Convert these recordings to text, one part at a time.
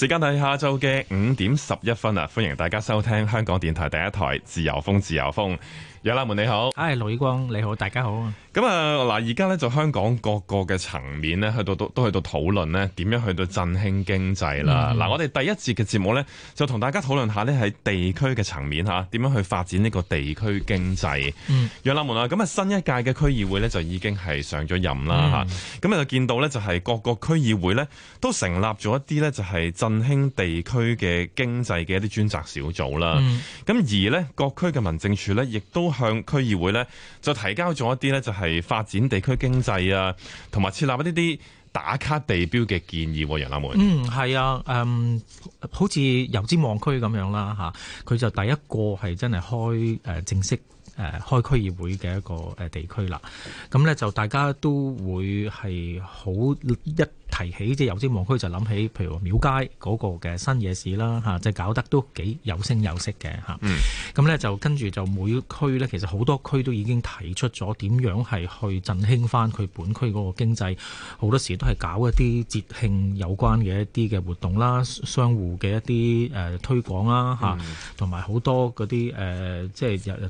時間係下晝嘅五點十一分啊！歡迎大家收聽香港電台第一台《自由風》，自由風。楊立門你好，係盧以光你好，大家好。咁啊嗱，而家咧就香港各個嘅層面咧，去到都都去到討論咧，點樣去到振興經濟啦。嗱、嗯，我哋第一節嘅節目咧，就同大家討論下呢喺地區嘅層面吓，點樣去發展呢個地區經濟。楊、嗯、立門啊，咁啊新一屆嘅區議會咧就已經係上咗任啦吓，咁、嗯、啊就見到咧就係各個區議會咧都成立咗一啲咧就係振興地區嘅經濟嘅一啲專責小組啦。咁、嗯、而呢，各區嘅民政處咧亦都。向區議會咧就提交咗一啲咧就係發展地區經濟啊，同埋設立一啲啲打卡地標嘅建議，楊阿梅，嗯，係啊，嗯，好似油尖旺區咁樣啦吓，佢就第一個係真係開誒正式誒開區議會嘅一個誒地區啦。咁咧就大家都會係好一。提起即係有啲旺區就諗起，譬如話廟街嗰個嘅新夜市啦，嚇即係搞得都幾有聲有色嘅嚇。咁、嗯、咧就跟住就每一區呢，其實好多區都已經提出咗點樣係去振興翻佢本區嗰個經濟。好多時都係搞一啲節慶有關嘅一啲嘅活動啦，商戶嘅一啲誒、呃、推廣啦嚇，同埋好多嗰啲誒即係有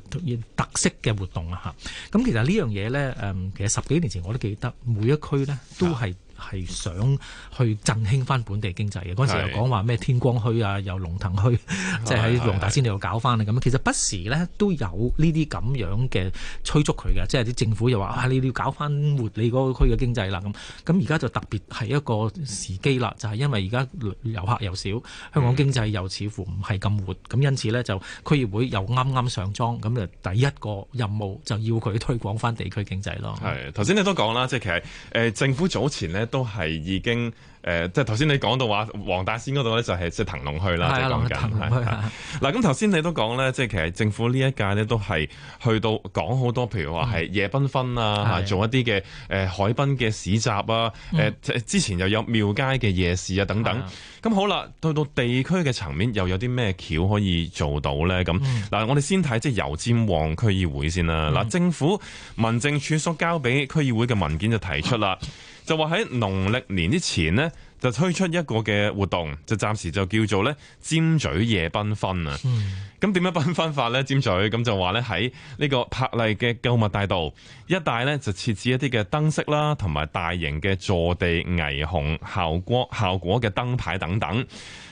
特色嘅活動啊嚇。咁其實這呢樣嘢呢，誒，其實十幾年前我都記得，每一區呢都係。係想去振興翻本地經濟嘅，嗰時又講話咩天光墟啊，又龍騰墟，即係喺龍大仙度搞翻啊咁。其實不時咧都有呢啲咁樣嘅催促佢嘅，即係啲政府又話啊，你要搞翻活你嗰個區嘅經濟啦咁。咁而家就特別係一個時機啦，就係、是、因為而家遊客又少，香港經濟又似乎唔係咁活，咁、嗯、因此咧就區議會又啱啱上莊，咁就第一個任務就要佢推廣翻地區經濟咯。係頭先你都講啦，即係其實、呃、政府早前咧。都係已經誒，即係頭先你講到話黃大仙嗰度咧，就係即係騰龍墟啦，即係、啊就是、講緊。嗱、啊啊，咁頭先你都講咧，即係其實政府呢一屆咧，都係去到講好多，譬如話係夜繽紛啊，嗯、做一啲嘅誒海濱嘅市集啊，誒、嗯、之前又有廟街嘅夜市啊等等。咁、嗯、好啦，去到地區嘅層面又有啲咩橋可以做到咧？咁嗱，嗯、我哋先睇即係油尖旺區議會先啦。嗱、嗯，政府民政處所交俾區議會嘅文件就提出啦。就話喺農曆年之前呢，就推出一個嘅活動，就暫時就叫做咧尖嘴夜繽紛啊！咁點樣繽紛法咧？尖嘴咁 就話咧喺呢個柏麗嘅購物大道一帶咧，就設置一啲嘅燈飾啦，同埋大型嘅坐地霓虹效果效果嘅燈牌等等。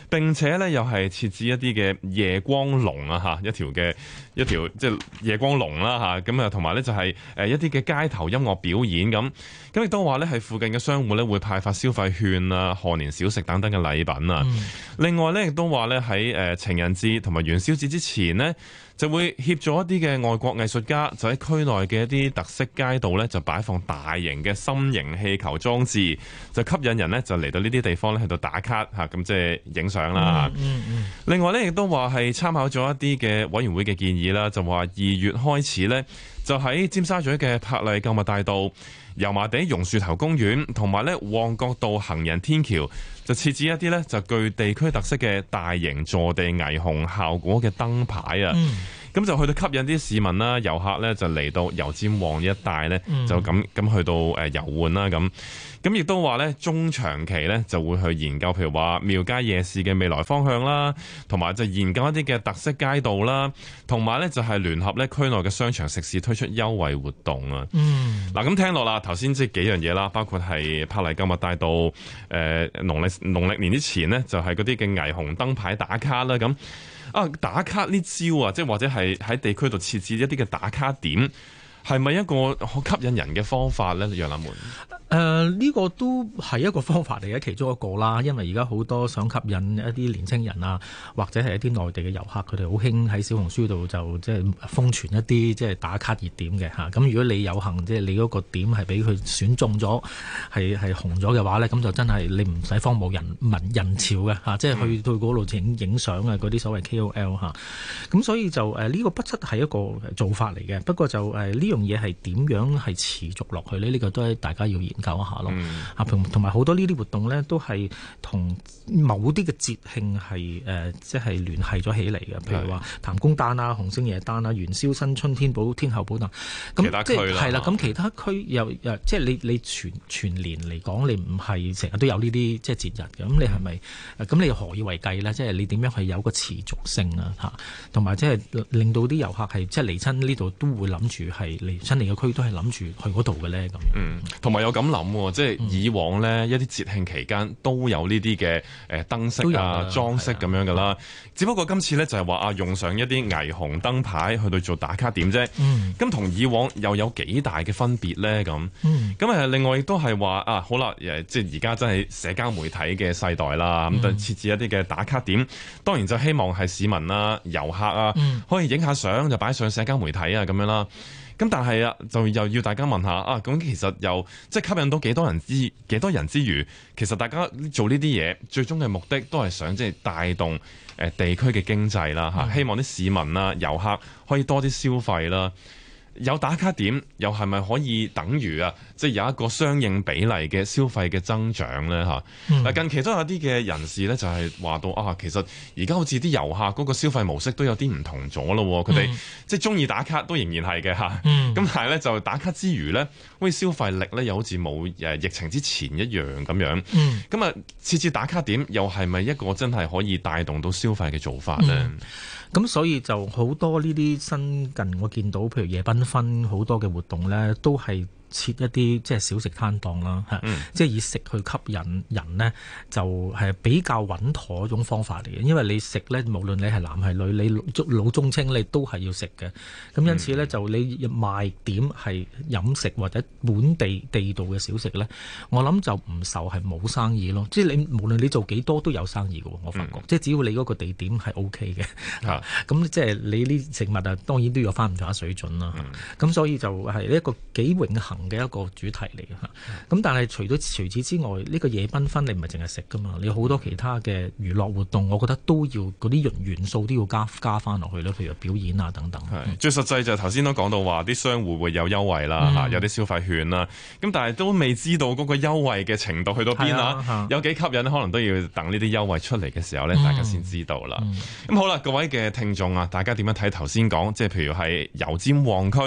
並且咧又係設置一啲嘅夜光龍啊，一條嘅一條即係夜光龍啦，咁啊同埋咧就係一啲嘅街頭音樂表演咁，咁亦都話咧係附近嘅商戶咧會派發消費券啊、賀年小食等等嘅禮品啊、嗯。另外咧亦都話咧喺情人節同埋元宵節之前咧。就會協助一啲嘅外國藝術家，就喺區內嘅一啲特色街道咧，就擺放大型嘅心形氣球裝置，就吸引人呢，就嚟到呢啲地方咧喺度打卡吓，咁即係影相啦。嗯嗯，嗯。另外咧，亦都話係參考咗一啲嘅委員會嘅建議啦，就話二月開始咧，就喺尖沙咀嘅柏麗購物大道。油麻地榕樹頭公園同埋咧旺角道行人天橋，就設置一啲咧就具地區特色嘅大型坐地霓虹效果嘅燈牌啊！嗯咁就，就，就去到吸引啲市民啦、遊客咧，就嚟到油尖旺呢一帶咧，就咁咁去到誒遊玩啦。咁咁亦都話咧，中長期咧就會去研究，譬如話廟街夜市嘅未來方向啦，同埋就研究一啲嘅特色街道啦，同埋咧就係聯合咧區內嘅商場食肆推出優惠活動啊。嗱、嗯，咁聽落啦，頭先即係幾樣嘢啦，包括係柏麗購物大道誒、呃、農曆農曆年之前呢，就係嗰啲嘅霓虹燈牌打卡啦，咁。啊！打卡呢招啊，即係或者係喺地區度設置一啲嘅打卡點。係咪一個好吸引人嘅方法咧？楊立門，誒、呃、呢、這個都係一個方法嚟嘅，其中一個啦。因為而家好多想吸引一啲年輕人啊，或者係一啲內地嘅遊客，佢哋好興喺小紅書度就即係瘋傳一啲即係打卡熱點嘅吓。咁、啊、如果你有幸即係、就是、你嗰個點係俾佢選中咗，係係紅咗嘅話咧，咁就真係你唔使荒無人民人，人潮嘅吓，即、啊、係、就是、去到嗰度影影相啊，嗰啲所謂 KOL 吓。咁所以就誒呢、呃、這個不測係一個做法嚟嘅，不過就誒呢樣。呃、這個嘢係點樣係持續落去呢？呢、這個都係大家要研究一下咯。啊、嗯，同埋好多呢啲活動咧，都係同某啲嘅節慶係、呃、即係聯繫咗起嚟嘅。譬如話，譚公誕啊、洪聖爺誕啊、元宵、新春、天后寶誕等。咁即係係啦。咁其他區又即係你你全全年嚟講，你唔係成日都有呢啲即係節日嘅。咁你係咪？咁你何以為繼咧？即係你點樣係有個持續性啊？吓，同埋即係令到啲遊客係即係嚟親呢度都會諗住係。嚟新嚟嘅區都係諗住去嗰度嘅咧，咁嗯，同埋有咁諗喎，即係以往咧一啲節慶期間都有呢啲嘅誒燈飾啊、裝飾咁樣噶啦，只不過今次咧就係話啊用上一啲霓虹燈牌去到做打卡點啫。嗯，咁同以往又有幾大嘅分別咧咁。嗯，咁另外亦都係話啊好啦誒，即係而家真係社交媒體嘅世代啦，咁、嗯、就設置一啲嘅打卡點，當然就希望係市民啊、遊客啊、嗯、可以影下相就擺上社交媒體啊咁樣啦。咁但係啊，就又要大家問下啊，咁其實又即係吸引到幾多人之幾多人之餘，其實大家做呢啲嘢，最終嘅目的都係想即係帶動地區嘅經濟啦嚇，啊，希望啲市民啦、遊客可以多啲消費啦，有打卡點，又係咪可以等於啊？即係有一個相應比例嘅消費嘅增長咧，嗱、嗯。近期都有啲嘅人士咧，就係、是、話到啊，其實而家好似啲遊客嗰個消費模式都有啲唔同咗咯。佢、嗯、哋即係中意打卡都仍然係嘅嚇。咁但係咧就打卡之餘咧，喂消費力咧又好似冇疫情之前一樣咁樣。咁、嗯、啊，次次打卡點又係咪一個真係可以帶動到消費嘅做法咧？咁、嗯、所以就好多呢啲新近我見到，譬如夜繽紛好多嘅活動咧，都係。設一啲即係小食攤檔啦、mm.，即係以食去吸引人，人呢，就係、是、比較穩妥一種方法嚟嘅。因為你食呢，無論你係男係女，你老，老中青你都係要食嘅。咁、mm. 因此呢，就你賣點係飲食或者本地地道嘅小食呢，我諗就唔愁係冇生意咯。即係你無論你做幾多都有生意嘅，我發覺。Mm. 即係只要你嗰個地點係 O K 嘅，咁、yeah. 即係你呢啲食物啊，當然都有翻唔同嘅水準啦。咁、mm. 所以就係一個幾榮幸嘅一個主題嚟嘅嚇，咁但係除咗除此之外，呢、這個夜繽紛你唔係淨係食噶嘛，你好多其他嘅娛樂活動，我覺得都要嗰啲元素都要加加翻落去咯，譬如表演啊等等。最實際就係頭先都講到話，啲商戶會有優惠啦嚇、嗯，有啲消費券啦。咁但係都未知道嗰個優惠嘅程度去到邊啊？有幾吸引？可能都要等呢啲優惠出嚟嘅時候咧、嗯，大家先知道啦。咁、嗯、好啦，各位嘅聽眾啊，大家點樣睇頭先講？即係譬如係油尖旺區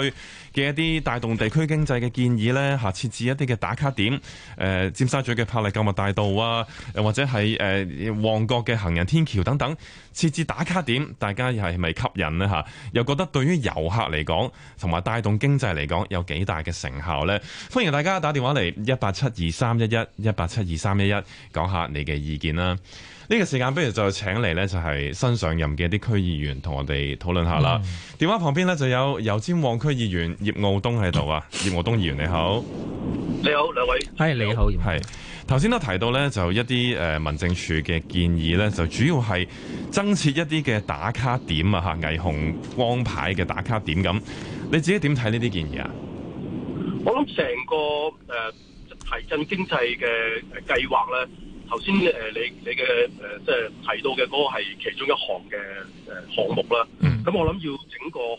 嘅一啲帶動地區經濟嘅建議呢吓設置一啲嘅打卡點，誒，尖沙咀嘅柏麗購物大道啊，又或者係誒旺角嘅行人天橋等等，設置打卡點，大家係咪吸引呢吓？又覺得對於遊客嚟講，同埋帶動經濟嚟講，有幾大嘅成效呢？歡迎大家打電話嚟一八七二三一一一八七二三一一，講下你嘅意見啦。呢、這個時間不如就請嚟呢，就係新上任嘅一啲區議員同我哋討論下啦。電話旁邊呢，就有油尖旺區議員葉傲冬喺度啊，葉 傲冬議員你好，你好兩位，係你好，係。頭先都提到呢，就一啲誒民政處嘅建議呢，就主要係增設一啲嘅打卡點啊，吓霓虹光牌嘅打卡點咁。你自己點睇呢啲建議啊？我諗成個誒、呃、提振經濟嘅計劃呢。頭先誒你你嘅誒即係提到嘅嗰個係其中一項嘅誒項目啦，咁、嗯、我諗要整個誒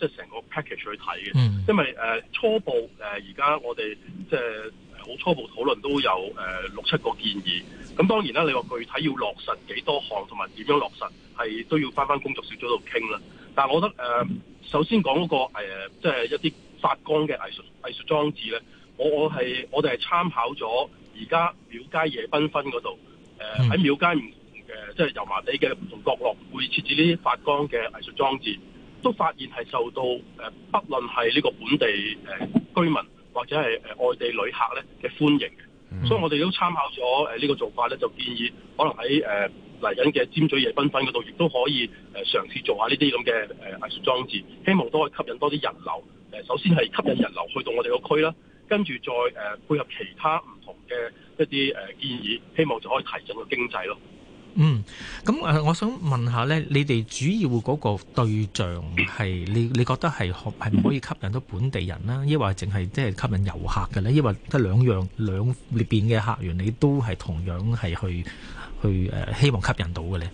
即係成個 package 去睇嘅、嗯，因為誒、呃、初步誒而家我哋即係好初步討論都有誒、呃、六七個建議，咁當然啦，你話具體要落實幾多項同埋點樣落實，係都要返返工作小組度傾啦。但係我覺得誒、呃，首先講嗰、那個即係、呃就是、一啲發光嘅藝術藝術裝置咧，我我係我哋係參考咗。而家廟街夜繽紛嗰度，誒、呃、喺、嗯、廟街唔同嘅即係油麻地嘅唔同角落，會設置呢啲發光嘅藝術裝置，都發現係受到誒、呃，不論係呢個本地誒、呃、居民或者係誒、呃、外地旅客咧嘅歡迎嘅。所以我哋都參考咗誒呢個做法咧，就建議可能喺誒嚟緊嘅尖咀夜繽紛嗰度，亦都可以誒嘗試做下呢啲咁嘅誒藝術裝置，希望都可以吸引多啲人流。誒、呃，首先係吸引人流去到我哋個區啦。呃跟住再誒配合其他唔同嘅一啲誒建議，希望就可以提振個經濟咯。嗯，咁誒、呃，我想問下咧，你哋主要嗰個對象係 你，你覺得係可係唔可以吸引到本地人啦？抑或淨係即係吸引遊客嘅咧？抑或得兩樣兩裏邊嘅客源，你都係同樣係去去誒、呃、希望吸引到嘅咧？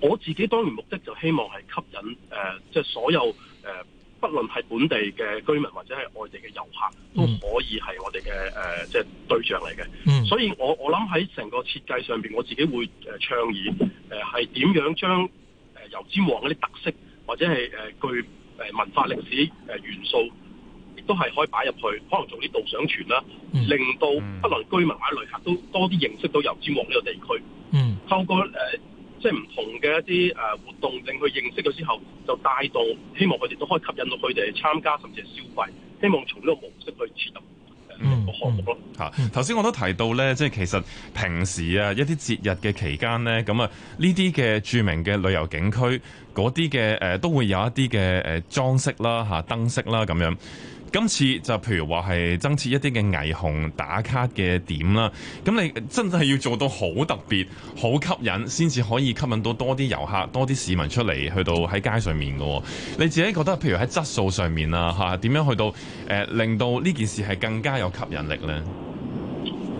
我自己當然目的就希望係吸引誒即係所有誒。呃不論係本地嘅居民或者係外地嘅遊客，都可以係我哋嘅誒，即、呃、係、就是、對象嚟嘅、嗯。所以我我諗喺成個設計上邊，我自己會誒倡議誒，係、呃、點樣將誒油、呃、尖旺嗰啲特色或者係誒具誒文化歷史誒元素，亦都係可以擺入去，可能做啲導賞團啦，令到不論居民或者旅客都多啲認識到油尖旺呢個地區。嗯，透過誒。呃即係唔同嘅一啲誒活動，令佢認識咗之後，就帶動希望佢哋都可以吸引到佢哋嚟參加，甚至係消費。希望從呢個模式去切入個項目咯。嚇、嗯！頭、嗯、先、嗯、我都提到咧，即係其實平時啊，一啲節日嘅期間咧，咁啊呢啲嘅著名嘅旅遊景區，嗰啲嘅誒都會有一啲嘅誒裝飾啦、嚇燈飾啦咁樣。今次就譬如話係增設一啲嘅霓虹打卡嘅點啦，咁你真係要做到好特別、好吸引，先至可以吸引到多啲遊客、多啲市民出嚟去到喺街上面嘅、喔。你自己覺得譬如喺質素上面啊，吓點樣去到誒、呃、令到呢件事係更加有吸引力呢？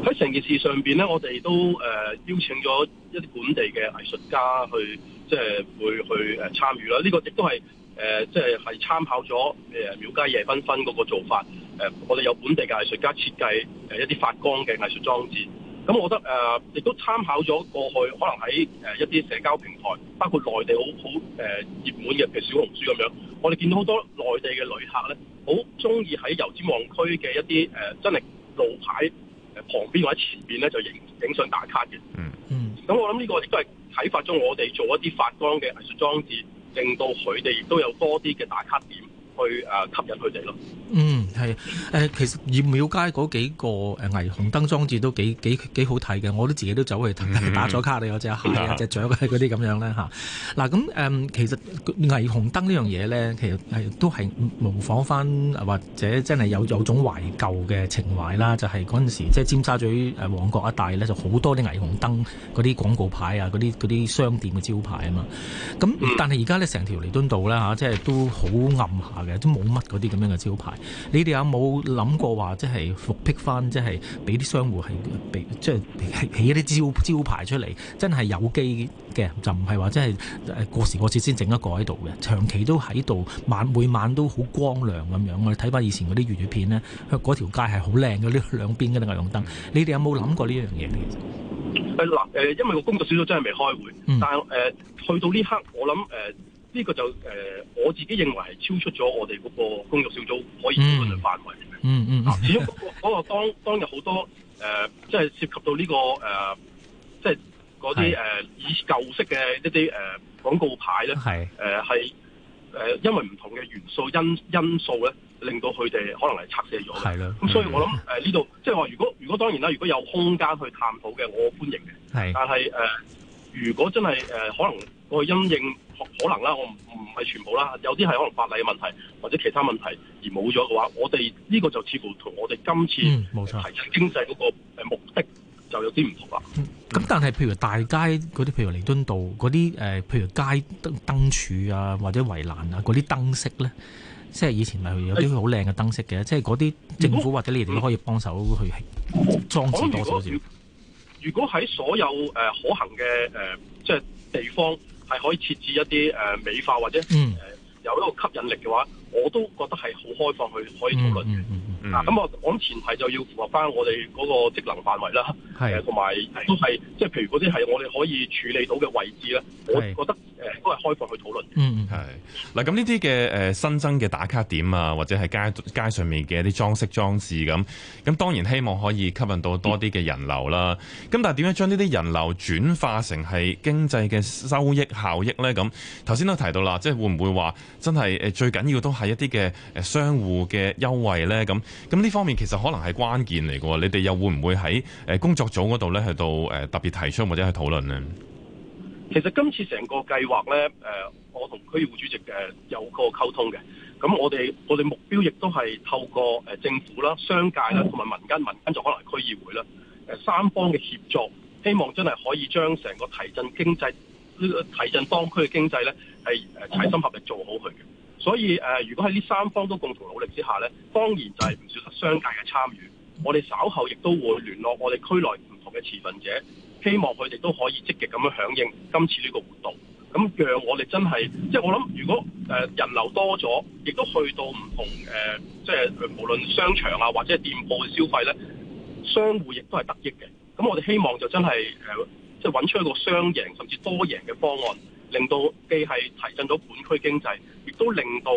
喺成件事上邊呢，我哋都誒、呃、邀請咗一啲本地嘅藝術家去，即係會去誒參與啦。呢、呢個亦都係。誒、呃，即係係參考咗誒廟街夜繽紛嗰個做法。誒、呃，我哋有本地嘅藝術家設計誒一啲發光嘅藝術裝置。咁我覺得誒，亦、呃、都參考咗過去可能喺誒一啲社交平台，包括內地好好誒熱門嘅，譬如小紅書咁樣。我哋見到好多內地嘅旅客咧，好中意喺油尖旺區嘅一啲誒、呃、真係路牌誒旁邊或者前面咧就影影相打卡嘅。嗯嗯。咁我諗呢個亦都係啟發咗我哋做一啲發光嘅藝術裝置。令到佢哋亦都有多啲嘅打卡點去誒吸引佢哋咯。嗯。係誒，其實廟廟街嗰幾個霓虹燈裝置都幾幾幾好睇嘅，我都自己都走去打咗卡，你、mm-hmm. 有隻鞋、yeah. 啊，隻雀啊，嗰啲咁樣咧嚇。嗱咁誒，其實霓虹燈呢樣嘢咧，其實都係模仿翻或者真係有有種懷舊嘅情懷啦。就係嗰陣時，即係尖沙咀誒旺角一帶咧，就好多啲霓虹燈嗰啲廣告牌啊，嗰啲啲商店嘅招牌啊嘛。咁但係而家咧，成條彌敦道咧嚇、啊，即係都好暗下嘅，都冇乜嗰啲咁樣嘅招牌。你哋。你有冇諗過話即係復辟翻，即係俾啲商戶係俾即係起一啲招招牌出嚟，真係有機嘅，就唔係話即係過時過節先整一個喺度嘅，長期都喺度，晚每晚都好光亮咁樣。我哋睇翻以前嗰啲粵語片咧，嗰條街係好靚嘅，呢兩邊嘅霓虹燈。你哋有冇諗過呢樣嘢？誒，嗱，誒，因為個工作小組真係未開會，嗯、但係誒、呃，去到呢刻，我諗誒。呃呢、這個就誒、呃，我自己認為係超出咗我哋嗰個工作小組可以討論嘅範圍。嗯嗯。嗱、嗯，始終嗰個嗰個當 當日好多誒，即、呃、係、就是、涉及到呢、這個誒，即係嗰啲誒以舊式嘅一啲誒廣告牌咧，誒係誒，因為唔同嘅元素因因素咧，令到佢哋可能係拆卸咗。係啦。咁、嗯、所以我諗誒呢度即係話， 呃就是、如果如果當然啦，如果有空間去探討嘅，我歡迎嘅。係。但係誒、呃，如果真係誒、呃，可能嗰個因應。可能啦，我唔唔係全部啦，有啲係可能法例嘅問題或者其他問題而冇咗嘅話，我哋呢個就似乎同我哋今次提升經濟嗰個目的就有啲唔同啦。咁、嗯、但係譬如大街嗰啲，譬如彌敦道嗰啲誒，譬如街燈燈柱啊或者圍欄啊嗰啲燈飾咧，即係以前咪有啲好靚嘅燈飾嘅、欸，即係嗰啲政府或者你哋都可以幫手去裝置多，多少少。欸嗯嗯、如果喺所有誒、呃、可行嘅誒、呃、即係地方。係可以設置一啲誒、呃、美化或者誒有、呃、一個吸引力嘅話，我都覺得係好開放去可以討論嘅。嗯嗯嗯咁、嗯、我諗前提就要符合翻我哋嗰個職能範圍啦，同埋都係即係譬如嗰啲係我哋可以處理到嘅位置啦，我覺得誒都係開放去討論。嗯嗯，嗱，咁呢啲嘅新增嘅打卡點啊，或者係街街上面嘅一啲裝飾裝置咁，咁當然希望可以吸引到多啲嘅人流啦。咁、嗯、但係點樣將呢啲人流轉化成係經濟嘅收益效益咧？咁頭先都提到啦，即係會唔會話真係最緊要都係一啲嘅誒商戶嘅優惠咧？咁咁呢方面其實可能係關鍵嚟嘅喎，你哋又會唔會喺誒工作組嗰度咧，去到誒特別提倡或者去討論呢？其實今次成個計劃咧，誒，我同區議會主席有個溝通嘅。咁我哋我哋目標亦都係透過誒政府啦、商界啦，同埋民間、民間就可能區議會啦，誒三方嘅協作，希望真係可以將成個提振經濟呢個提振當區嘅經濟咧，係誒齊心合力做好佢嘅。所以誒、呃，如果喺呢三方都共同努力之下呢，當然就係唔少得商界嘅參與。我哋稍後亦都會聯絡我哋區內唔同嘅持份者，希望佢哋都可以積極咁樣響應今次呢個活動。咁讓我哋真係，即係我諗，如果、呃、人流多咗，亦都去到唔同誒、呃，即係無論商場啊或者係店鋪嘅消費呢，商戶亦都係得益嘅。咁我哋希望就真係誒、呃，即係揾出一個雙贏甚至多贏嘅方案。令到既係提振到本區經濟，亦都令到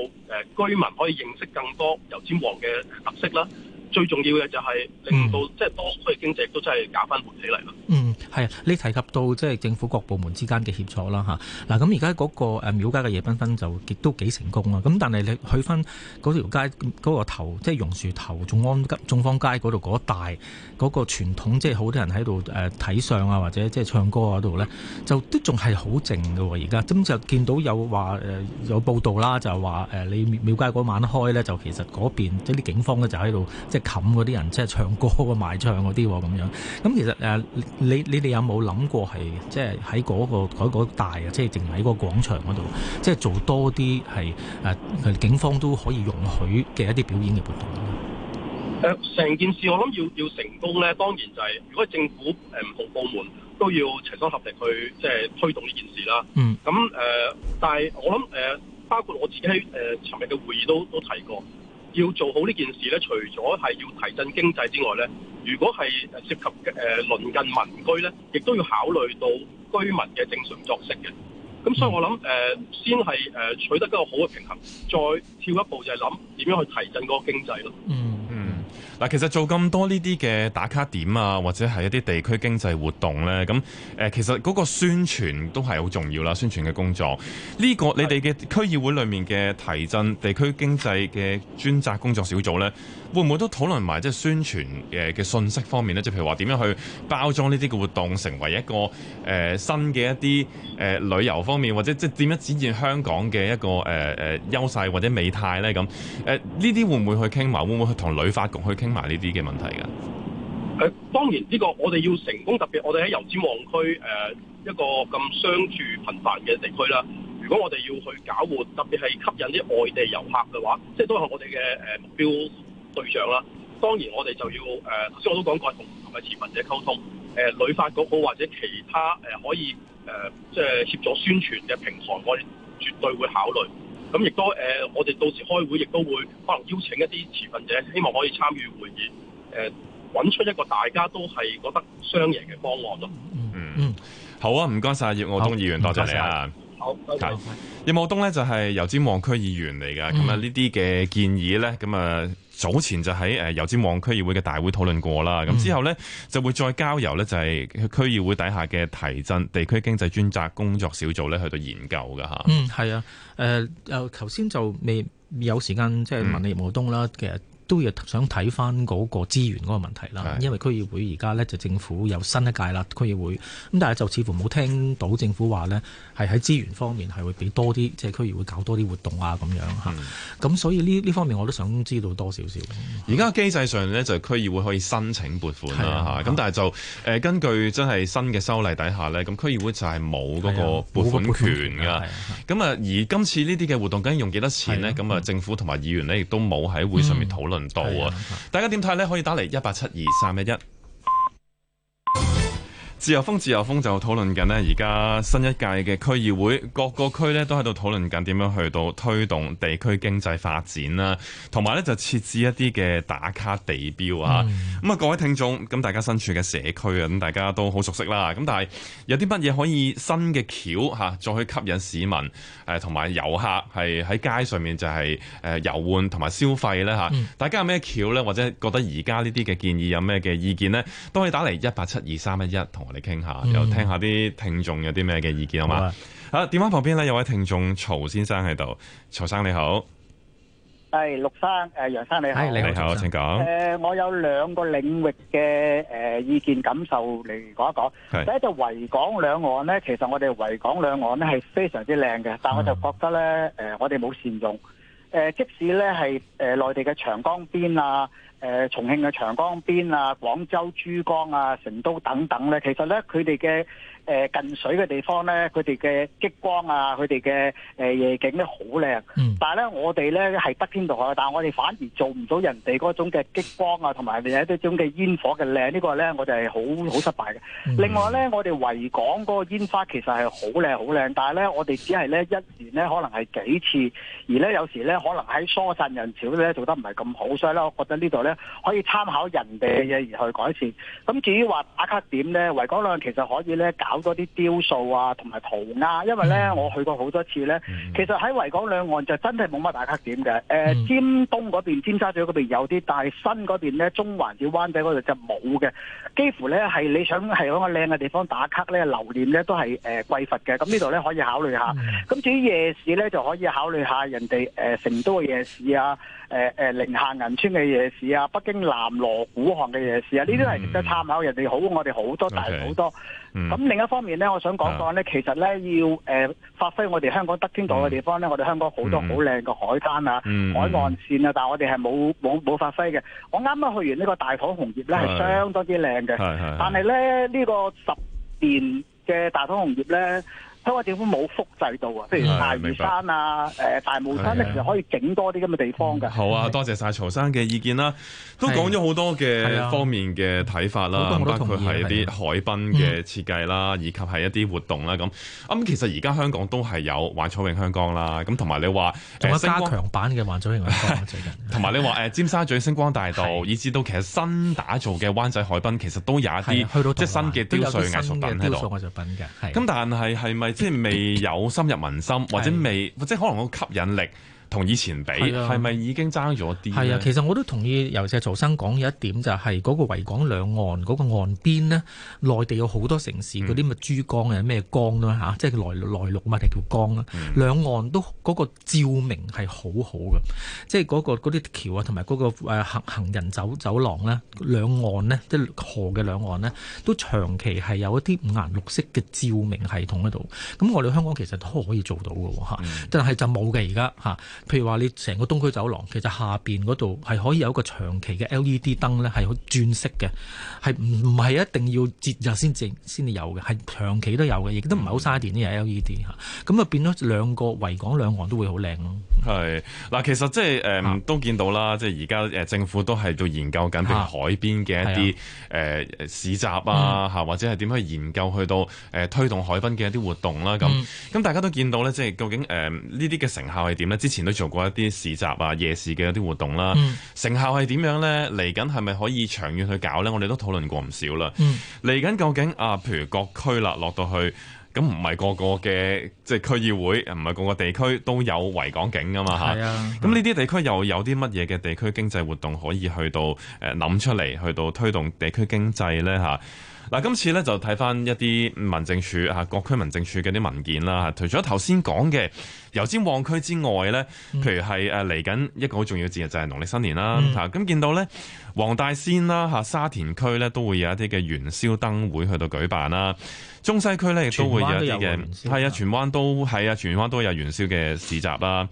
誒居民可以認識更多油尖旺嘅特色啦。最重要嘅就係令到、嗯、即係多區經濟都真係搞翻活起嚟。嗯，係啊，你提及到即係政府各部門之間嘅協助啦，吓、啊，嗱咁而家嗰個廟街嘅夜繽紛就亦都幾成功啊。咁但係你去翻嗰條街嗰、嗰個頭，即係榕樹頭、眾安街、眾坊街嗰度嗰大嗰、嗰個傳統，即係好多人喺度睇相啊，或者即係唱歌啊嗰度咧，就都仲係好靜㗎喎、啊。而家咁就見到有話、呃、有報道啦，就話、呃、你廟、廟街嗰晚開咧，就其實嗰邊即係啲警方咧就喺度即係。冚嗰啲人即係唱歌嘅賣唱嗰啲咁樣，咁其實誒你你哋有冇諗過係即係喺嗰個喺嗰大啊，即係淨喺個廣場嗰度，即係做多啲係誒警方都可以容許嘅一啲表演嘅活動咧？誒，成件事我諗要要成功咧，當然就係如果政府誒唔同部門都要齊心合力去即係推動呢件事啦。嗯，咁誒，但係我諗誒，包括我自己誒，尋日嘅會議都都提過。要做好呢件事呢，除咗係要提振經濟之外呢，如果係涉及誒、呃、鄰近民居呢，亦都要考慮到居民嘅正常作息嘅。咁所以我諗誒、呃、先係誒、呃、取得一個好嘅平衡，再跳一步就係諗點樣去提振嗰個經濟咯。嗯。嗱，其實做咁多呢啲嘅打卡點啊，或者係一啲地區經濟活動呢，咁誒，其實嗰個宣傳都係好重要啦，宣傳嘅工作。呢個你哋嘅區議會裏面嘅提振地區經濟嘅專責工作小組呢，會唔會都討論埋即係宣傳誒嘅信息方面咧？即係譬如話點樣去包裝呢啲嘅活動，成為一個誒、呃、新嘅一啲誒、呃、旅遊方面，或者即係點樣展現香港嘅一個誒誒、呃呃、優勢或者美態咧？咁誒呢啲會唔會去傾埋？會唔會去同旅發局去傾埋呢啲嘅問題嘅？誒、呃、當然呢個我哋要成功，特別我哋喺油尖旺區誒、呃、一個咁商住頻繁嘅地區啦、呃。如果我哋要去搞活，特別係吸引啲外地遊客嘅話，即係都係我哋嘅誒目標，對象啦，當然我哋就要誒，頭先我都講過，同同嘅持份者溝通。誒、呃，旅發局好或者其他誒可以誒，即係協助宣傳嘅平台，我哋絕對會考慮。咁亦都誒、呃，我哋到時開會亦都會可能邀請一啲持份者，希望可以參與會議。誒、呃，揾出一個大家都係覺得雙贏嘅方案咯。嗯嗯，好啊，唔該晒葉傲冬議員，多謝，謝你啊。好，唔該曬。葉傲冬咧就係、是、油尖旺區議員嚟嘅，咁啊呢啲嘅建議咧，咁啊～早前就喺油尖旺區議會嘅大會討論過啦，咁、嗯、之後咧就會再交由咧就係區議會底下嘅提振地區經濟專責工作小組咧去到研究㗎。吓，嗯，係啊，誒又頭先就未有時間即係、就是、問你葉傲冬啦，嗯，其實都要想睇翻嗰個資源嗰個問題啦，因為區議會而家咧就政府有新一屆啦區議會，咁但係就似乎冇聽到政府話咧係喺資源方面係會俾多啲，即係區議會搞多啲活動啊咁樣嚇。咁、嗯、所以呢呢方面我都想知道多少少。而、嗯、家機制上咧就係區議會可以申請撥款啦嚇，咁、啊、但係就誒根據真係新嘅修例底下咧，咁區議會就係冇嗰個撥款權㗎。咁啊，啊而今次呢啲嘅活動究竟用幾多錢咧？咁啊，啊政府同埋議員咧亦都冇喺會上面討論。嗯輪到啊！大家點睇咧？可以打嚟一八七二三一一。自由風，自由風就討論緊呢而家新一屆嘅區議會，各個區呢都喺度討論緊點樣去到推動地區經濟發展啦，同埋呢就設置一啲嘅打卡地標啊。咁、嗯、啊，各位聽眾，咁大家身處嘅社區啊，咁大家都好熟悉啦。咁但係有啲乜嘢可以新嘅橋吓再去吸引市民誒同埋遊客，係喺街上面就係誒遊玩同埋消費呢、嗯？大家有咩橋呢？或者覺得而家呢啲嘅建議有咩嘅意見呢？都可以打嚟一八七二三一一同嚟傾下，又聽下啲聽眾有啲咩嘅意見好嘛、嗯！好啊，電話旁邊咧，有位聽眾曹先生喺度，曹生你好，係陸生，誒楊生你好，你好，你好，請講。誒、呃，我有兩個領域嘅誒、呃、意見感受嚟講一講。第一就維港兩岸咧，其實我哋維港兩岸咧係非常之靚嘅，但我就覺得咧，誒、嗯呃、我哋冇善用。誒、呃，即使咧係誒內地嘅長江邊啊。誒、呃，重慶嘅長江邊啊，廣州珠江啊，成都等等咧，其實咧，佢哋嘅。誒近水嘅地方咧，佢哋嘅激光啊，佢哋嘅誒夜景咧好靚。嗯。但係咧，我哋咧係得天獨厚，但係我哋反而做唔到人哋嗰種嘅激光啊，同埋有一啲種嘅煙火嘅靚。呢、這個咧，我就係好好失敗嘅、嗯。另外咧，我哋維港嗰個煙花其實係好靚好靚，但係咧，我哋只係咧一年咧可能係幾次，而咧有時咧可能喺疏散人潮咧做得唔係咁好，所以咧我覺得呢度咧可以參考人哋嘅嘢而去改善。咁至於話打卡點咧，維港兩其實可以咧搞。有多啲雕塑啊，同埋塗鴉，因為咧我去過好多次咧，其實喺維港兩岸就真係冇乜打卡點嘅。誒、嗯呃，尖東嗰邊、尖沙咀嗰邊有啲，但係新嗰邊咧、中環、小灣仔嗰度就冇嘅。幾乎咧係你想係嗰個靚嘅地方打卡咧、留念咧，都係誒貴佛嘅。咁、呃、呢度咧可以考慮下。咁、嗯、至於夜市咧，就可以考慮下人哋誒、呃、成都嘅夜市啊，誒誒寧夏銀川嘅夜市啊，北京南鑼鼓巷嘅夜市啊，呢啲係值得參考。人哋好，我哋好多，okay. 好多，大陸好多。咁、嗯、另一方面咧，我想講講咧，其實咧要誒、呃、發揮我哋香港得天獨嘅地方咧、嗯，我哋香港好多好靚嘅海灘啊、嗯、海岸線啊，但我哋係冇冇冇發揮嘅。我啱啱去完呢個大棠紅葉咧，係相當之靚嘅，但係咧呢、呢個十年嘅大棠紅葉咧。香港政府冇複製到啊，譬如大嶼山啊、誒、呃、大帽山咧，okay。其實可以整多啲咁嘅地方嘅。好啊，多謝晒曹生嘅意見啦，都講咗好多嘅方面嘅睇法啦、啊，包括係一啲海濱嘅設計啦、啊，以及係一啲活動啦。咁、嗯、咁、嗯、其實而家香港都係有幻彩詠香江啦，咁同埋你話仲有加強版嘅幻彩詠香江最近，同埋你話尖沙咀星光大道、啊，以至到其實新打造嘅灣仔海濱，其實都有一啲、啊、去到即係、就是、新嘅雕塑藝術品喺度。雕塑藝術品嘅，咁、啊、但係係咪？即係未有深入民心，或者未，或者可能個吸引力。同以前比係咪、啊、已經爭咗啲？係啊，其實我都同意，尤其係曹生講有一點就係、是、嗰、那個維港兩岸嗰、那個岸邊呢，內地有好多城市嗰啲乜珠江、嗯、啊咩江啦吓，即係內內陸啊嘛定叫江啦。兩、嗯、岸都嗰、那個照明係好好嘅、嗯，即係嗰、那個啲橋啊同埋嗰個行行人走走廊咧，兩岸呢，即係河嘅兩岸呢，都長期係有一啲五顏六色嘅照明系統喺度。咁我哋香港其實都可以做到嘅喎、啊嗯、但係就冇嘅而家嚇。啊。譬如話，你成個東區走廊其實下邊嗰度係可以有一個長期嘅 LED 燈咧，係轉色嘅，係唔唔係一定要節日先至先至有嘅，係長期都有嘅，亦都唔係好嘥電啲 LED 嚇、嗯。咁啊變咗兩個維港兩岸都會好靚咯。係嗱，其實即係誒都見到啦，即係而家誒政府都係做研究緊喺海邊嘅一啲誒、啊呃、市集啊、嗯、或者係點樣去研究去到誒推動海濱嘅一啲活動啦、啊、咁。咁、嗯、大家都見到咧，即、就、係、是、究竟誒呢啲嘅成效係點呢？之前你做過一啲市集啊、夜市嘅一啲活動啦、嗯，成效係點樣呢？嚟緊係咪可以長遠去搞呢？我哋都討論過唔少啦。嚟、嗯、緊究竟啊，譬如各區啦，落到去咁唔係個個嘅即係區議會，唔係個個地區都有維港景噶嘛、嗯？啊，咁呢啲地區又有啲乜嘢嘅地區經濟活動可以去到誒諗、呃、出嚟，去到推動地區經濟呢？吓、啊。嗱，今次咧就睇翻一啲民政處各區民政處嘅啲文件啦，除咗頭先講嘅油尖旺區之外咧，嗯、譬如係嚟緊一個好重要節日就係、是、農曆新年啦，咁、嗯啊、見到咧。黃大仙啦、啊，沙田區咧都會有一啲嘅元宵燈會去到舉辦啦。中西區咧亦都會有一啲嘅，係啊，荃灣都係啊，荃灣都有元宵嘅市集啦。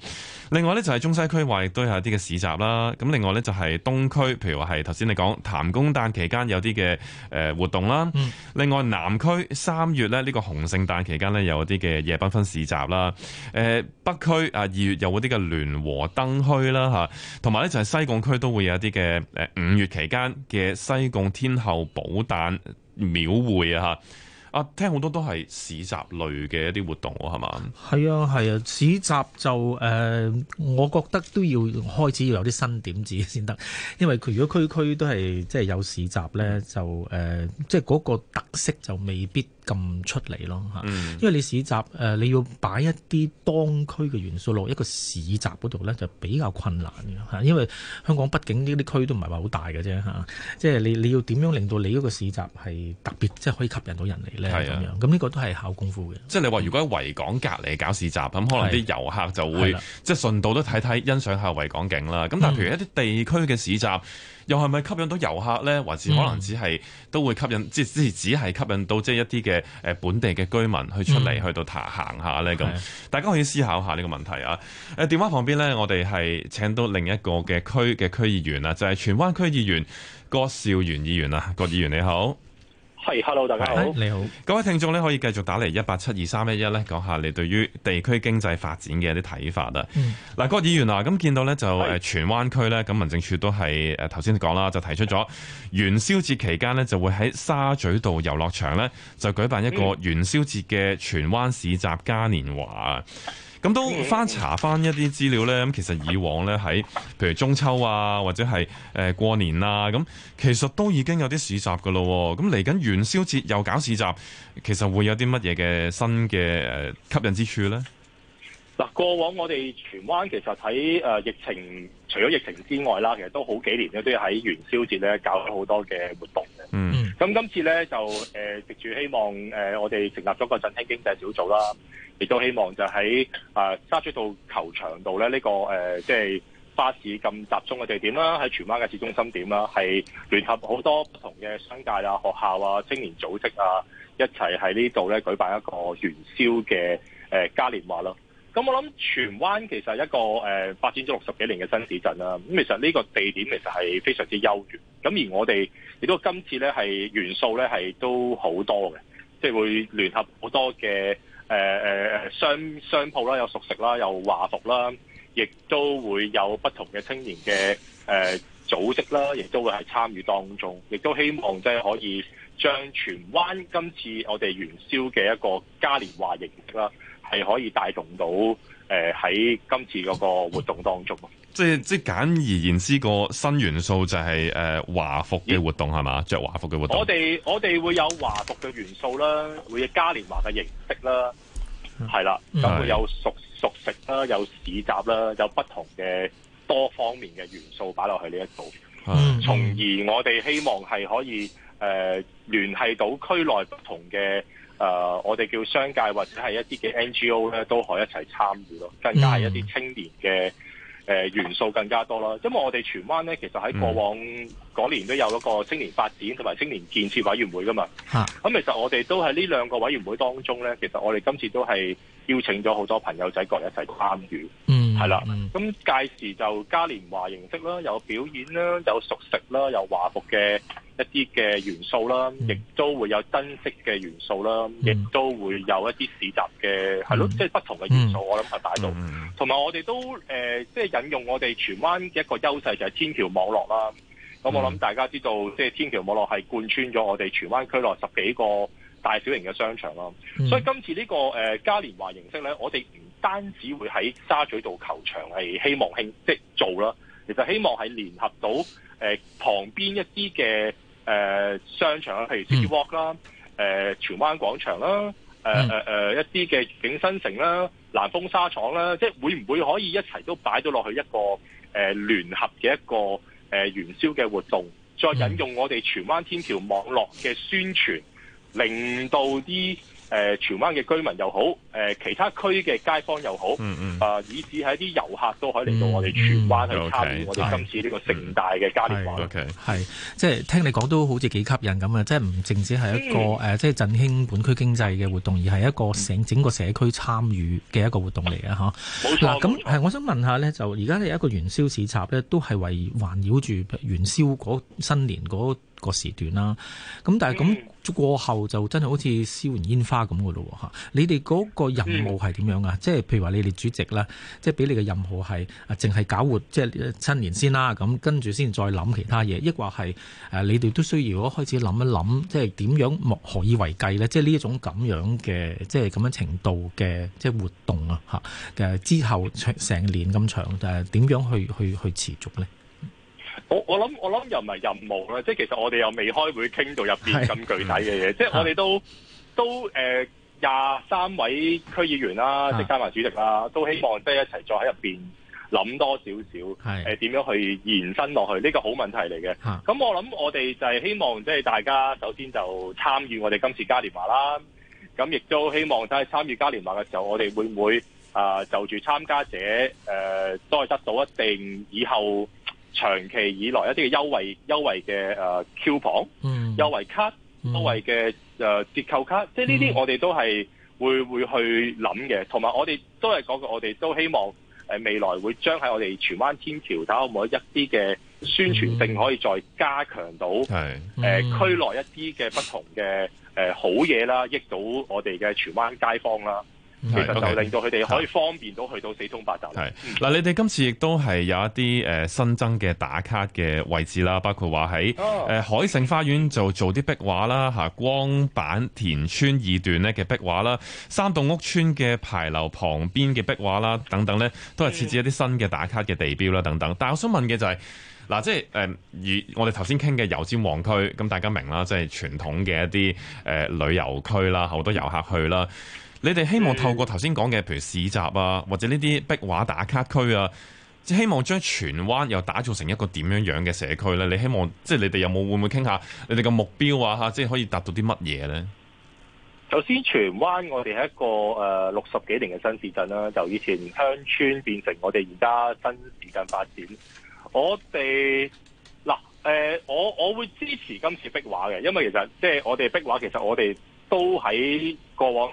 另外咧就係、是、中西區話亦都有啲嘅市集啦。咁另外咧就係、是、東區，譬如話係頭先你講，譚公誕期間有啲嘅、呃、活動啦、嗯。另外南區三月咧呢、這個紅聖誕期間咧有啲嘅夜繽紛市集啦。誒、呃、北區啊二月有嗰啲嘅聯和燈區啦同埋咧就係、是、西貢區都會有啲嘅誒五。呃五月期間嘅西貢天后寶誕廟會啊，吓啊聽，好多都係市集類嘅一啲活動，係嘛？係啊係啊，市集就誒、呃，我覺得都要開始要有啲新點子先得，因為佢如果區區都係即係有市集咧，就誒，即係嗰個特色就未必。咁出嚟咯，吓，因為你市集誒，你要擺一啲當區嘅元素落一個市集嗰度咧，就比較困難嘅吓，因為香港畢竟呢啲區都唔係話好大嘅啫，吓，即係你你要點樣令到你嗰個市集係特別，即係可以吸引到人嚟咧咁樣。咁呢個都係考功夫嘅。即係你話如果喺維港隔離搞市集咁，可能啲遊客就會即係順道都睇睇欣賞下維港景啦。咁但係譬如一啲地區嘅市集。嗯又係咪吸引到遊客呢？還是可能只係都會吸引，即係只係吸引到即係一啲嘅誒本地嘅居民去出嚟去到行下呢？咁，大家可以思考一下呢個問題啊！誒電話旁邊呢，我哋係請到另一個嘅區嘅區議員啊，就係、是、荃灣區議員葛兆源議員啊，葛議員你好。hello 大家好，Hi, 你好。各位聽眾咧，可以繼續打嚟一八七二三一一咧，講下你對於地區經濟發展嘅一啲睇法啊。嗱、嗯，葛議員啊，咁見到咧就誒荃灣區咧，咁民政處都係誒頭先講啦，就提出咗元宵節期間咧，就會喺沙咀道遊樂場咧，就舉辦一個元宵節嘅荃灣市集嘉年華啊。嗯咁都翻查翻一啲資料咧，咁其實以往咧喺譬如中秋啊，或者係誒過年啊，咁其實都已經有啲市集嘅咯。咁嚟緊元宵節又搞市集，其實會有啲乜嘢嘅新嘅誒吸引之處咧？嗱，過往我哋荃灣其實喺誒疫情，除咗疫情之外啦，其實都好幾年咧都要喺元宵節咧搞好多嘅活動嘅。嗯，咁今次咧就誒，藉、呃、住希望誒、呃，我哋成立咗個振興經濟小組啦。亦都希望就喺啊沙咀道球場度咧呢個誒、呃、即係花市咁集中嘅地點啦，喺荃灣嘅市中心點啦，係聯合好多不同嘅商界啊、學校啊、青年組織啊一齊喺呢度咧舉辦一個元宵嘅誒嘉年華啦。咁我諗荃灣其實係一個誒發展咗六十幾年嘅新市鎮啦，咁其實呢個地點其實係非常之優越。咁而我哋亦都今次咧係元素咧係都好多嘅，即係會聯合好多嘅，誒誒商商鋪啦，有熟食啦，有華服啦，亦都會有不同嘅青年嘅誒、呃、組織啦，亦都會喺參與當中，亦都希望即係可以將荃灣今次我哋元宵嘅一個嘉年華營業啦，係可以帶動到誒喺、呃、今次嗰個活動當中。即係即簡而言之，個新元素就係誒華服嘅活動係嘛，着華服嘅活動，我哋我哋會有華服嘅元素啦，會有嘉年華嘅形式啦，係啦，咁會有熟熟食啦，有市集啦，有不同嘅多方面嘅元素擺落去呢一度，從、yeah. 而我哋希望係可以誒聯繫到區內不同嘅誒、呃、我哋叫商界或者係一啲嘅 NGO 咧，都可以一齊參與咯，更加係一啲青年嘅。Yeah. 誒、呃、元素更加多啦，因為我哋荃灣咧，其實喺過往嗰年都有一個青年發展同埋青年建設委員會噶嘛，咁、嗯、其實我哋都喺呢兩個委員會當中咧，其實我哋今次都係邀請咗好多朋友仔各一一齊參與，係、嗯、啦，咁、嗯嗯、屆時就嘉年華形式啦，有表演啦，有熟食啦，有華服嘅一啲嘅元素啦，亦都會有珍惜嘅元素啦，亦、嗯、都會有一啲市集嘅係咯，即、嗯、係、就是、不同嘅元素，嗯、我諗係帶到。同、嗯、埋我哋都誒即係引用我哋荃灣嘅一個優勢就係天橋網絡啦。咁、嗯、我諗大家知道，即、就、係、是、天橋網絡係貫穿咗我哋荃灣區內十幾個大小型嘅商場啦、嗯。所以今次呢、這個誒嘉年華形式咧，我哋唔單止會喺沙咀道球場係希望興即、就是、做啦，其實希望係聯合到誒、呃、旁邊一啲嘅。誒、呃、商場啦，譬如 City Walk 啦、呃，誒荃灣廣場啦，誒誒誒一啲嘅愉景新城啦、南豐紗廠啦，即係會唔會可以一齊都擺咗落去一個誒、呃、聯合嘅一個誒、呃、元宵嘅活動，再引用我哋荃灣天橋網絡嘅宣傳，令到啲。誒、呃、荃灣嘅居民又好，誒、呃、其他區嘅街坊又好，啊、嗯嗯呃，以至係啲遊客都可以嚟到我哋荃灣去參與我哋今次呢個盛大嘅嘉年華。係、嗯，即、嗯、係、嗯 okay 就是、聽你講都好似幾吸引咁、就是嗯、啊！即係唔淨止係一個即係振興本區經濟嘅活動，而係一個整個社區參與嘅一個活動嚟嘅。嚇，嗱、啊，咁我想問下呢，就而家呢有一個元宵市集呢，都係圍環繞住元宵嗰新年嗰個時段啦，咁但係咁過後就真係好似燒完煙花咁噶咯。吓，你哋嗰個任務係點樣啊？即係譬如話你哋主席啦，即係俾你嘅任務係啊，淨係搞活即係新年先啦，咁跟住先再諗其他嘢，抑或係誒你哋都需要開始諗一諗，即係點樣何以為繼咧？即係呢一種咁樣嘅，即係咁樣程度嘅即係活動啊，嘅之後成年咁長，誒點樣去去去持續咧？我我諗我諗又唔係任務啦，即係其實我哋又未開會傾到入邊咁具體嘅嘢，即係我哋都、啊、都誒廿三位區議員啦，啊、即係加埋主席啦，都希望即係一齊再喺入邊諗多少少，係誒點樣去延伸落去呢、這個好問題嚟嘅。咁、啊、我諗我哋就係希望即係大家首先就參與我哋今次嘉年華啦，咁亦都希望即係參與嘉年華嘅時候，我哋會唔會啊、呃、就住參加者誒、呃、都係得到一定以後。長期以來一啲嘅優惠優惠嘅誒 coupon 嗯，優惠卡，優惠嘅誒、呃、折扣卡，即係呢啲我哋都係會會去諗嘅，同、嗯、埋我哋都係講過，我哋都希望誒、呃、未來會將喺我哋荃灣天橋睇下可唔可以一啲嘅宣傳性可以再加強到，係、嗯、誒、呃、區內一啲嘅不同嘅誒、呃、好嘢啦，益到我哋嘅荃灣街坊啦。其實就令到佢哋可以方便到去到四通八達。嗱、嗯，你哋今次亦都係有一啲、呃、新增嘅打卡嘅位置啦，包括話喺、哦呃、海盛花園就做啲壁畫啦，光板田村二段嘅壁畫啦，三棟屋村嘅牌樓旁邊嘅壁畫啦，等等咧都係設置一啲新嘅打卡嘅地標啦、嗯，等等。但我想問嘅就係、是、嗱，即、呃、係、就是呃、我哋頭先傾嘅油尖旺區，咁大家明啦，即、就、係、是、傳統嘅一啲、呃、旅遊區啦，好多遊客去啦。嗯你哋希望透過頭先講嘅，譬如市集啊，或者呢啲壁畫打卡區啊，即希望將荃灣又打造成一個點樣樣嘅社區呢？你希望即係你哋有冇會唔會傾下你哋嘅目標啊？嚇，即係可以達到啲乜嘢呢？首先，荃灣我哋係一個誒六十幾年嘅新市鎮啦，由以前鄉村變成我哋而家新市鎮發展。我哋嗱誒，我我會支持今次壁畫嘅，因為其實即係我哋壁畫，其實我哋都喺過往。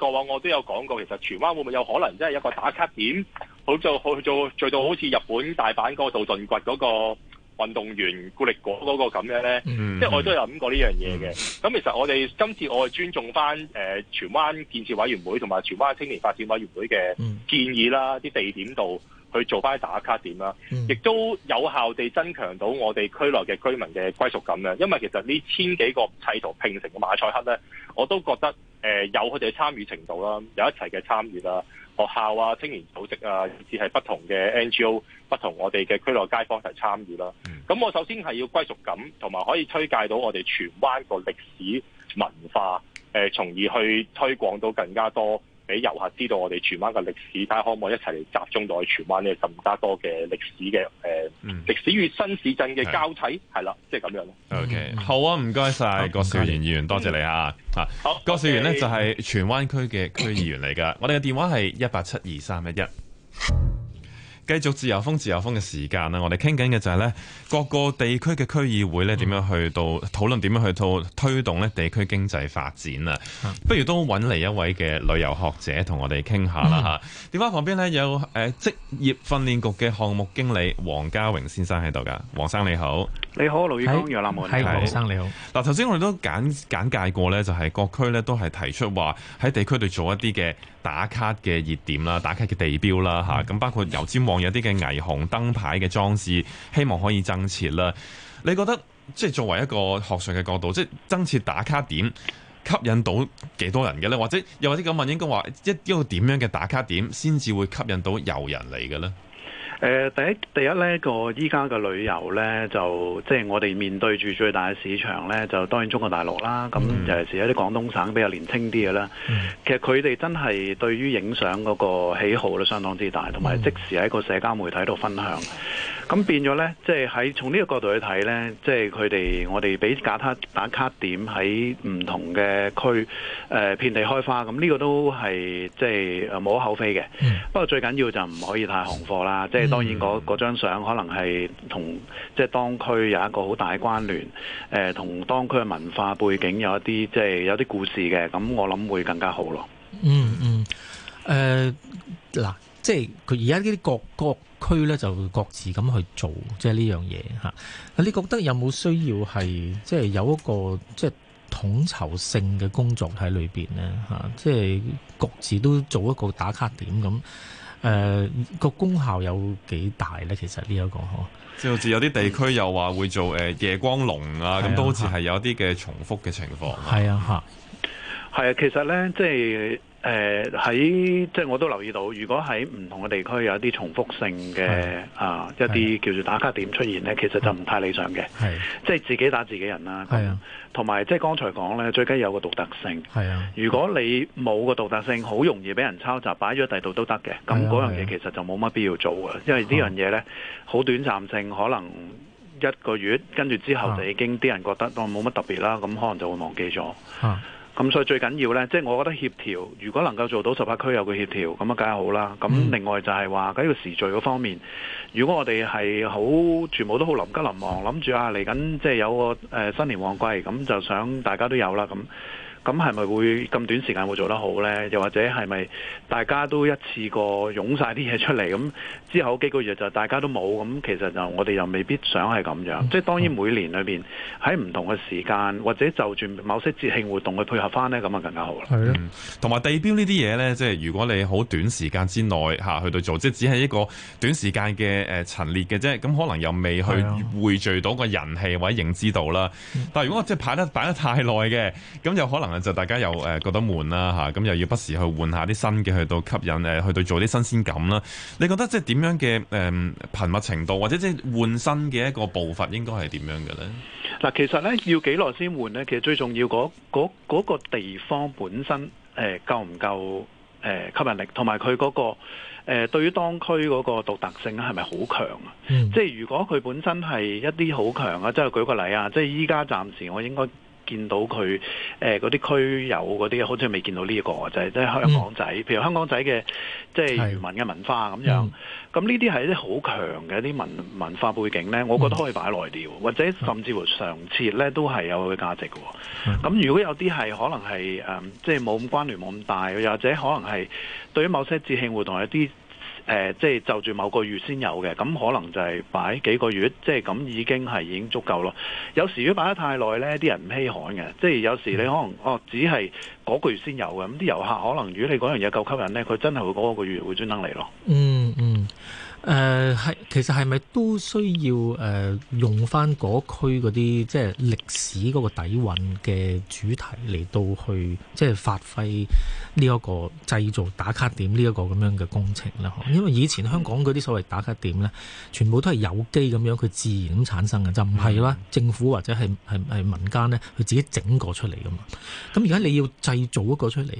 過往我都有講過，其實荃灣會唔會有可能真係一個打卡點，好做好做做到好似日本大阪嗰個道頓堀嗰個運動員固力果嗰個咁樣呢。Mm-hmm. 即係我都有諗過呢樣嘢嘅。咁其實我哋今次我係尊重翻誒荃灣建設委員會同埋荃灣青年發展委員會嘅建議啦，啲、mm-hmm. 地點度去做翻打卡點啦，亦、mm-hmm. 都有效地增強到我哋區內嘅居民嘅歸屬感嘅。因為其實呢千幾個砌圖拼成嘅馬賽克呢，我都覺得。誒、呃、有佢哋嘅參與程度啦，有一齊嘅參與啦，學校啊、青年組織啊，以至係不同嘅 NGO、不同我哋嘅區內街坊嚟參與啦。咁我首先係要歸屬感，同埋可以推介到我哋荃灣個歷史文化，誒、呃、從而去推廣到更加多。俾遊客知道我哋荃灣嘅歷史，大家可唔可以一齊嚟集中到去荃灣呢？更加多嘅歷史嘅誒、呃嗯，歷史與新市鎮嘅交替係啦，即係咁樣咯。O、okay, K，好啊，唔該晒。葛兆源議員、哦，多謝你啊、嗯。啊，葛兆源呢，嗯、就係、是、荃灣區嘅區議員嚟㗎、okay。我哋嘅電話係一八七二三一一。繼續自由風自由風嘅時間啦，我哋傾緊嘅就係咧各個地區嘅區議會咧點樣去到討論，點樣去到推動咧地區經濟發展啊！不如都揾嚟一位嘅旅遊學者同我哋傾下啦嚇。電話旁邊咧有誒、呃、職業訓練局嘅項目經理黃家榮先生喺度噶，黃生，你好。你好，盧宇光楊立文，係盧生你好。嗱，頭先我哋都簡簡介過咧，就係、是、各區咧都係提出話喺地區度做一啲嘅打卡嘅熱點啦，打卡嘅地標啦，吓、嗯、咁包括油尖旺有啲嘅霓虹燈牌嘅裝置，希望可以增設啦。你覺得即係作為一個學術嘅角度，即係增設打卡點，吸引到幾多人嘅咧？或者又或者咁問應該，應該話一一個點樣嘅打卡點先至會吸引到遊人嚟嘅咧？呃、第一第一呢個依家嘅旅遊呢，就即係我哋面對住最大嘅市場呢，就當然中國大陸啦。咁、嗯、尤其是一啲廣東省比較年輕啲嘅啦，其實佢哋真係對於影相嗰個喜好都相當之大，同埋即時喺個社交媒體度分享。咁變咗呢，即係喺從呢個角度去睇呢，即係佢哋我哋俾假，假卡打卡點喺唔同嘅區誒、呃、遍地開花，咁呢個都係即係冇、呃、可厚非嘅、嗯。不過最緊要就唔可以太行貨啦。即係當然嗰張相可能係同即係當區有一個好大嘅關聯，同、呃、當區嘅文化背景有一啲即係有啲故事嘅。咁我諗會更加好咯。嗯嗯誒嗱。呃即係佢而家呢啲各各區咧就各自咁去做，即係呢樣嘢吓。你覺得有冇需要係即係有一個即係統籌性嘅工作喺裏面咧？吓，即係各自都做一個打卡點咁。誒、呃、個功效有幾大咧、嗯啊啊啊？其實呢一個呵，即係好似有啲地區又話會做誒夜光龍啊，咁都好似係有啲嘅重複嘅情況。係啊，吓係啊，其實咧，即係。誒、呃、喺即係我都留意到，如果喺唔同嘅地區有一啲重複性嘅啊，啊一啲叫做打卡點出現呢、啊，其實就唔太理想嘅、啊。即係自己打自己人啦。同埋、啊、即係剛才講呢，最緊要有個獨特性。啊、如果你冇個獨特性，好、啊、容易俾人抄襲擺咗第度都得嘅。咁嗰樣嘢其實就冇乜必要做嘅、啊，因為呢樣嘢呢，好短暫性，可能一個月跟住之後就已經啲人覺得我冇乜特別啦，咁可能就會忘記咗。咁所以最緊要呢，即係我覺得協調，如果能夠做到十八區有個協調，咁啊梗係好啦。咁另外就係話緊要時序嗰方面，如果我哋係好全部都好臨急臨忙，諗住啊嚟緊即係有個、呃、新年旺季，咁就想大家都有啦咁。咁係咪會咁短時間會做得好呢？又或者係咪大家都一次過湧晒啲嘢出嚟咁？之後幾個月就大家都冇咁，其實就我哋又未必想係咁樣。即、嗯、係當然每年裏面喺唔同嘅時間，或者就住某些節慶活動去配合翻呢，咁啊更加好。喇、嗯。同埋地標呢啲嘢呢，即係如果你好短時間之內去到做，即係只係一個短時間嘅誒陳列嘅啫，咁可能又未去匯聚到個人氣或者認知度啦、嗯。但係如果我即係擺得擺得太耐嘅，咁又可能。就大家又誒覺得悶啦、啊、嚇，咁又要不時去換一下啲新嘅去到吸引誒，去到做啲新鮮感啦、啊。你覺得即係點樣嘅誒、嗯、頻密程度，或者即係換新嘅一個步伐應該係點樣嘅咧？嗱，其實咧要幾耐先換咧？其實最重要嗰、嗰個地方本身誒、呃、夠唔夠誒、呃、吸引力，同埋佢嗰個誒、呃、對於當區嗰個獨特性咧係咪好強啊、嗯？即係如果佢本身係一啲好強啊，即係舉個例啊，即係依家暫時我應該。見到佢誒嗰啲區有嗰啲，好似未見到呢個，就係即係香港仔，嗯，譬如香港仔嘅即係漁民嘅文化咁樣。咁呢啲係一啲好強嘅一啲文文化背景呢，我覺得可以擺耐啲，或者甚至乎上次呢都係有佢嘅價值嘅。咁，嗯，如果有啲係可能係誒、即係冇咁關聯，冇咁大，又或者可能係對於某些節慶活動有啲。誒、呃，即係就住、係、某個月先有嘅，咁可能就係擺幾個月，即係咁已經係已經足夠咯。有時如果擺得太耐呢，啲人唔稀罕嘅，即係有時你可能哦，只係嗰個月先有嘅，咁啲遊客可能如果你嗰樣嘢夠吸引呢，佢真係會嗰個月會專登嚟咯。嗯嗯。誒、呃、係，其實係咪都需要誒、呃、用返嗰區嗰啲即係歷史嗰個底蘊嘅主題嚟到去即係發揮呢一個製造打卡點呢一個咁樣嘅工程咧？因為以前香港嗰啲所謂打卡點咧，全部都係有機咁樣佢自然咁產生嘅，就唔係啦。政府或者係係係民間咧，佢自己整個出嚟㗎嘛。咁而家你要製造一個出嚟。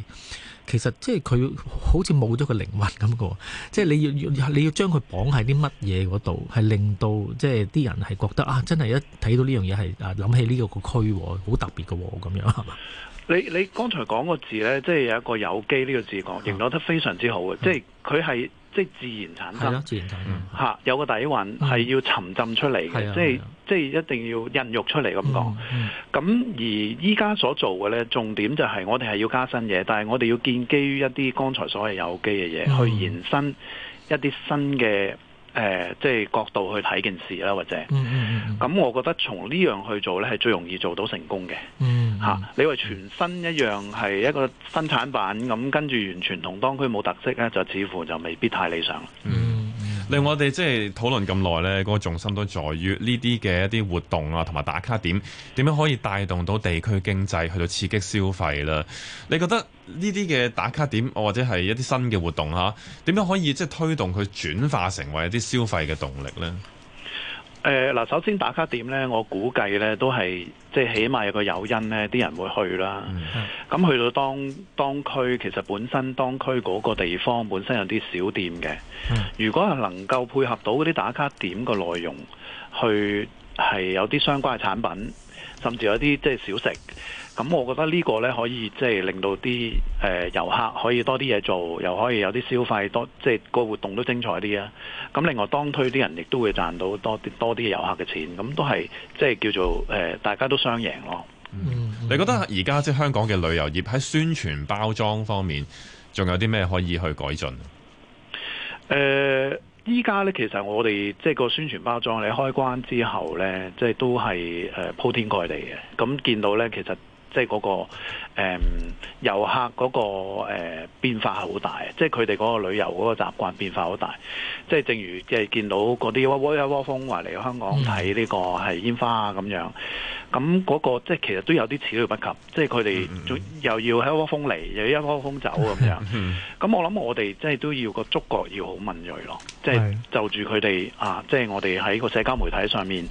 其實即係佢好似冇咗個靈魂咁嘅，即係你要要你要將佢綁喺啲乜嘢嗰度，係令到即係啲人係覺得啊，真係一睇到呢樣嘢係啊，諗起呢個個區喎，好特別嘅咁樣，係嘛？你你剛才講個字咧，即係有一個有機呢個字，我認容得非常之好嘅、嗯，即係佢係。即係自然產生，自然產生嚇、嗯，有個底蘊係要沉浸出嚟嘅、啊，即係即係一定要孕育出嚟咁講。咁、嗯、而依家所做嘅咧，重點就係我哋係要加新嘢，但係我哋要建基於一啲剛才所謂有機嘅嘢，去延伸一啲新嘅。誒、呃，即係角度去睇件事啦，或者，咁、mm-hmm. 我覺得從呢樣去做呢，係最容易做到成功嘅、mm-hmm. 啊。你話全新一樣係一個新產品咁，跟住完全同當區冇特色呢，就似乎就未必太理想。Mm-hmm. 令我哋即係討論咁耐呢，嗰個重心都在於呢啲嘅一啲活動啊，同埋打卡點點樣可以帶動到地區經濟去到刺激消費啦？你覺得呢啲嘅打卡點或者係一啲新嘅活動下點樣可以即係推動佢轉化成為一啲消費嘅動力呢？誒，嗱，首先打卡點咧，我估計咧都係即係起碼有個誘因咧，啲人會去啦。咁、嗯嗯、去到當當區，其實本身當區嗰個地方本身有啲小店嘅、嗯。如果係能夠配合到嗰啲打卡點嘅內容，去係有啲相關嘅產品，甚至有啲即係小食。咁我覺得呢個呢，可以即係令到啲誒遊客可以多啲嘢做，又可以有啲消費多，即係個活動都精彩啲啊！咁另外，當推啲人亦都會賺到多啲多啲遊客嘅錢，咁都係即係叫做誒大家都雙贏咯。嗯，你覺得而家即係香港嘅旅遊業喺宣傳包裝方面，仲有啲咩可以去改進？誒、呃，依家呢，其實我哋即係個宣傳包裝，你開關之後呢，即係都係誒鋪天蓋地嘅。咁見到呢，其實即係嗰個誒、嗯、遊客嗰、那個誒、呃、變化好大，即係佢哋嗰個旅遊個習慣變化好大，即係正如即係見到嗰啲窩窩一窩蜂話嚟香港睇呢個係煙花啊咁樣，咁嗰、那個即係其實都有啲始料不及，即係佢哋仲又要喺一窩蜂嚟，又一窩蜂走咁樣。咁 我諗我哋即係都要個觸覺要好敏銳咯，即係就住佢哋啊，即係我哋喺個社交媒體上面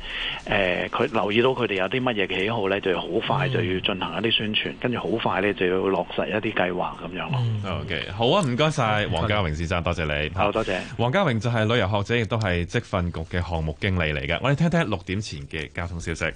誒佢、呃、留意到佢哋有啲乜嘢喜好咧，就要好快就要進行一啲宣傳跟住好。嗯快咧，就要落實一啲計劃咁樣咯。O、okay, K，好啊，唔該晒。黃家榮先生，多謝，謝你。好多謝，謝。黃家榮就係旅遊學者，亦都係職訓局嘅項目經理嚟嘅。我哋聽聽六點前嘅交通消息。